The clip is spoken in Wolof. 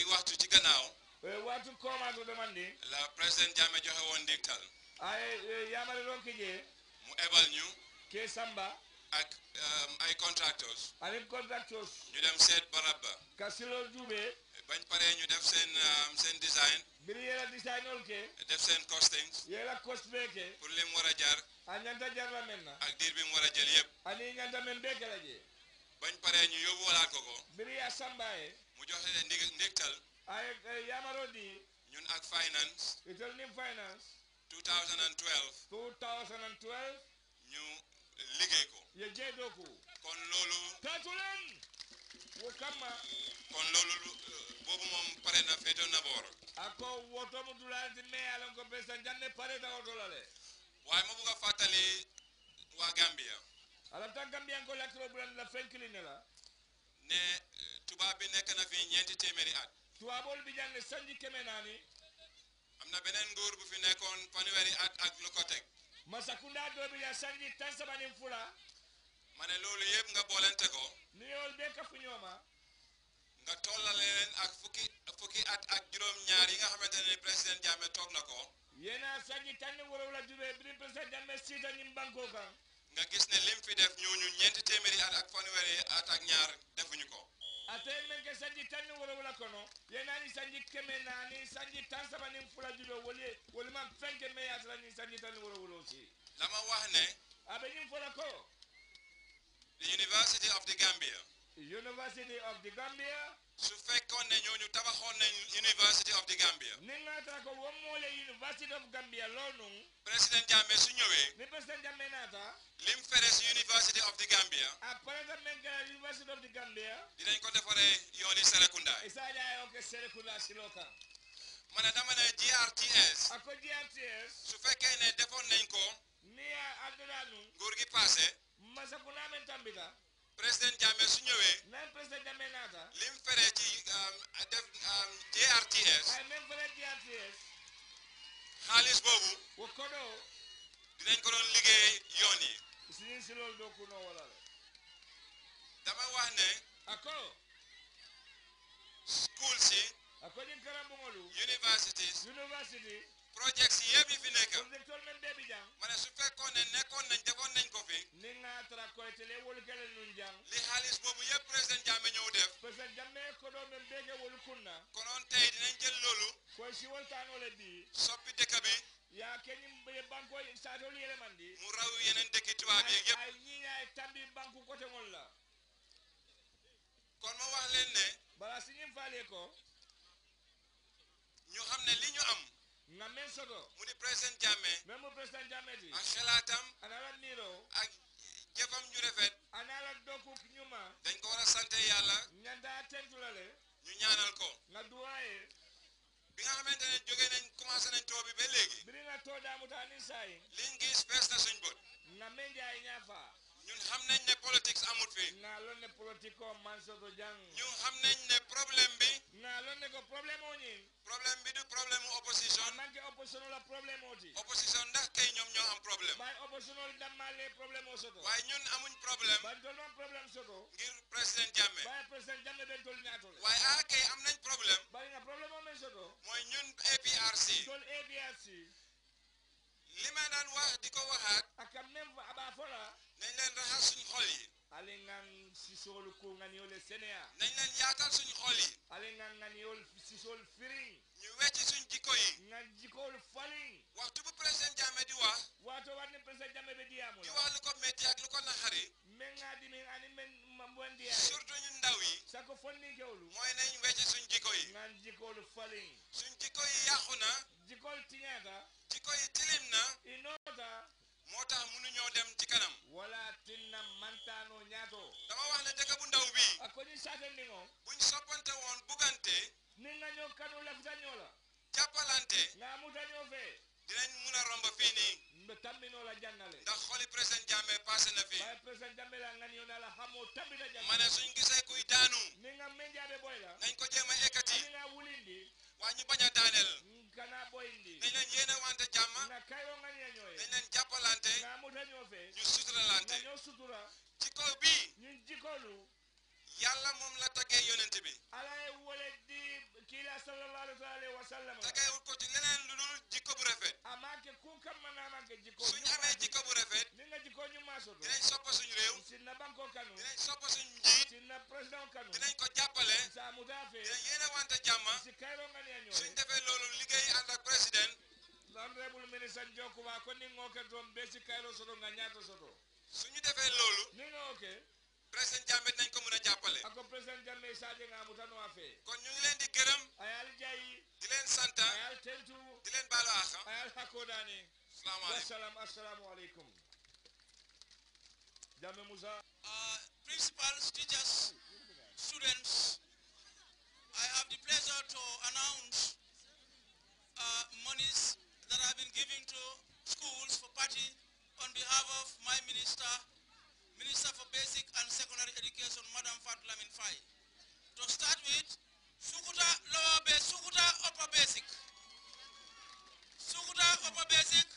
ñetti waxtu ci gannaaw. Eh, waxtu koomaatu demandi. la président Jammeh joxe woon ndégtal. ay eh, yaamari doon jee. mu ebal ñu. ke Samba. ak um, ay contractors. avec contractors. ñu dem seet barab ba. ka si bañ paree ñu def seen um, seen design. mbir yéen a design ol ke. def seen costings. yéen a cost beeke. pour li mu war a jar. a ñanta jar la mel na. ak diir bi mu war jël yëpp. ani ñanta men beeke la jee. bañ pare ñu yóbbu walaat ko ko. mbiri yaa mu joxe leen ndig ndégtal. ay yamaroo di. ñun ak finance. ital ñu liggéey ko. ye jeedoo kon loolu. taatu leen. wo kon loolu euh, boobu moom pare na féetoo na boor. a woto mu dulaanti mais alon ko besa janne pare da woto la waaye ma bugg fàttali waa Gambia. alanta gambiyanko latiro bulan la franklin la ne tubaab bi nekk na fi ñeenti téeméeri at tubaabol bi jàng sanji keme naani am na beneen nguur bu fi nekkoon fanweeri at ak lu ko teg masakunda doo bi la sanji tan sabanin fula ma ne loolu yëpp nga boolente ko nuyool bee kafu ñooma nga tollale leen ak fukki fukki at ak juróom-ñaar yi nga xamante ne président Jammeh toog na ko yéena sanji tànn waraw la jubee bi président Jammeh siita ñim bankoo nga gis ne lim fi def ñooñu ñeenti téeméeri at ak fanweeri at ak ñaar defuñu ko atay men ke sanji tan ni wolowula kono ye naani sanji keme naani sanji tan saba ni fula julo woli wolima fenke me ye atala ni tan ni wolowula aussi lama wax ne abe ñin fola ko university of the gambia university of the gambia su fekkoon ne ñooñu tabaxoon nañ University of the Gambia. niŋata ko wo moo le University of Gambia loo nuŋ. président Jammeh su ñëwee. lim fere si University of the Gambia. a ah, président meŋ kɛra dinañ ko defaree yooni Serekunda. Isaaja ma ne dama ne GRTS. a ah, ko GRTS. su fekkee ne defoon nañ ko. ni a ah, a dara nuŋ. nguur gi paase. masa kunaa meŋ tambita. président Jammeh su ñëwee. DRTS xaalis boobu wo kodoo dinañ ko doon liggéey yoon yi sinin si loolu doo ku noo wala la dama wax ne ako school si ako din karambongolu universities university project si fi nekk projectol men beebi jàng ne su fekkoon ne nekkoon ko fi ni nga tara koytele wolu gele nun jàng li xaalis boobu yëpp président o siwol tano le bi soppi dëkk bi yaa keñum banko saatolu yeleman mu raw yeneen dëkki tubaab yi ñii ay tambi banku côté ngol la kon ma wax leen ne bala si ñim faalee ko ñu xam ne li ñu am nga men soto mu ni président Jammeh même mu président Jammeh di ak xelaatam ana la niiroo ak jëfam ñu rafet ana la dokku ñu ma dañ ko war sante yàlla ñanda tentu la le ñu ñaanal ko bi nga xamante ne jóge nañ commencé nañ taw bi ba léegi. bi nga mu taa yi. liñ gis fees na suñ bët. nga mën jaay ñaafa. ñun xam nañ ne politique amut fii. nga loon ne politique man soto jàng. ñun xam ne problème bi. nga loon ne ko problème moo problème bi du problème mu opposition. ndax kay ñoom ñoo am problème. waaye ñun amuñ problème. ngir président Jammeh. waaye ah kay am nañ problème. mooy ñun APRC. li ma daan wax di ko waxaat. aka même fa aba fola. nañ leen raxas suñ xol yi. ale ngan sisol ko ngan yole senea. nañ leen yaatal suñ xol yi. ale ngan ngan yol sisol firiñ. ñu wecci suñ jikko yi. ngan jikkool faliñ. waxtu bu président Jammeh di wax. di wax lu ko métti ak lu ko naxari. men ngaa di men ani men mbon diya. surtout ñu ndaw yi. sako fonni kewlu. mooy nañ wecci suñ jikko yi. ngan jikkool faliñ. suñ jikko yi yàqu na. jikkool tiñaata. jikko yi tilim na inota moo ci kanam wala tinna mantaano ñaato dama wax ne dëkk bu ndaw bi akoni saatendingo buñ soppante woon bugante ni nga ñoo kanu lafitañoo la jàppalante nga mutañoo fee dinañ mun a romb fii nii mbe tambinoo la jànnale ndax xooli président Jammeh passé na fii waaye président Jammeh la nga ñëw na la xamoo tambina jàmm ma ne suñ gisee kuy daanu ni nga menjaabe boy la nañ ko jéem a ekkati ni a daaneel nañ leen yéene wante jàmm dañ leen jàppalante ñu suturalante ci kaw bii yàlla moom la taggee yonent bi. kila sallallahu alaihi ko ci leneen lu dul jikko bu rafet amake ah, ku kam bu rafet dinañ soppa réew dinañ soppa njiit dinañ ko jàppale sa mudafe dinañ yéene wante jàmma si kayro nga ne ñoo suñ defee loolu liggéey ànd ak président honorable minister jokuba a ako président Jammeh sadje nga mu fee kon ñu leen di gërëm ayal jayi di leen santa ayal tentu di leen baalu axa ayal hakkodaani salaam assalaamu aleykum Jammeh Moussa euh, principal teachers Wi-Fi. To start with, Sukuta Lower Basic, Sukuta Upper Basic, Sukuta Upper Basic,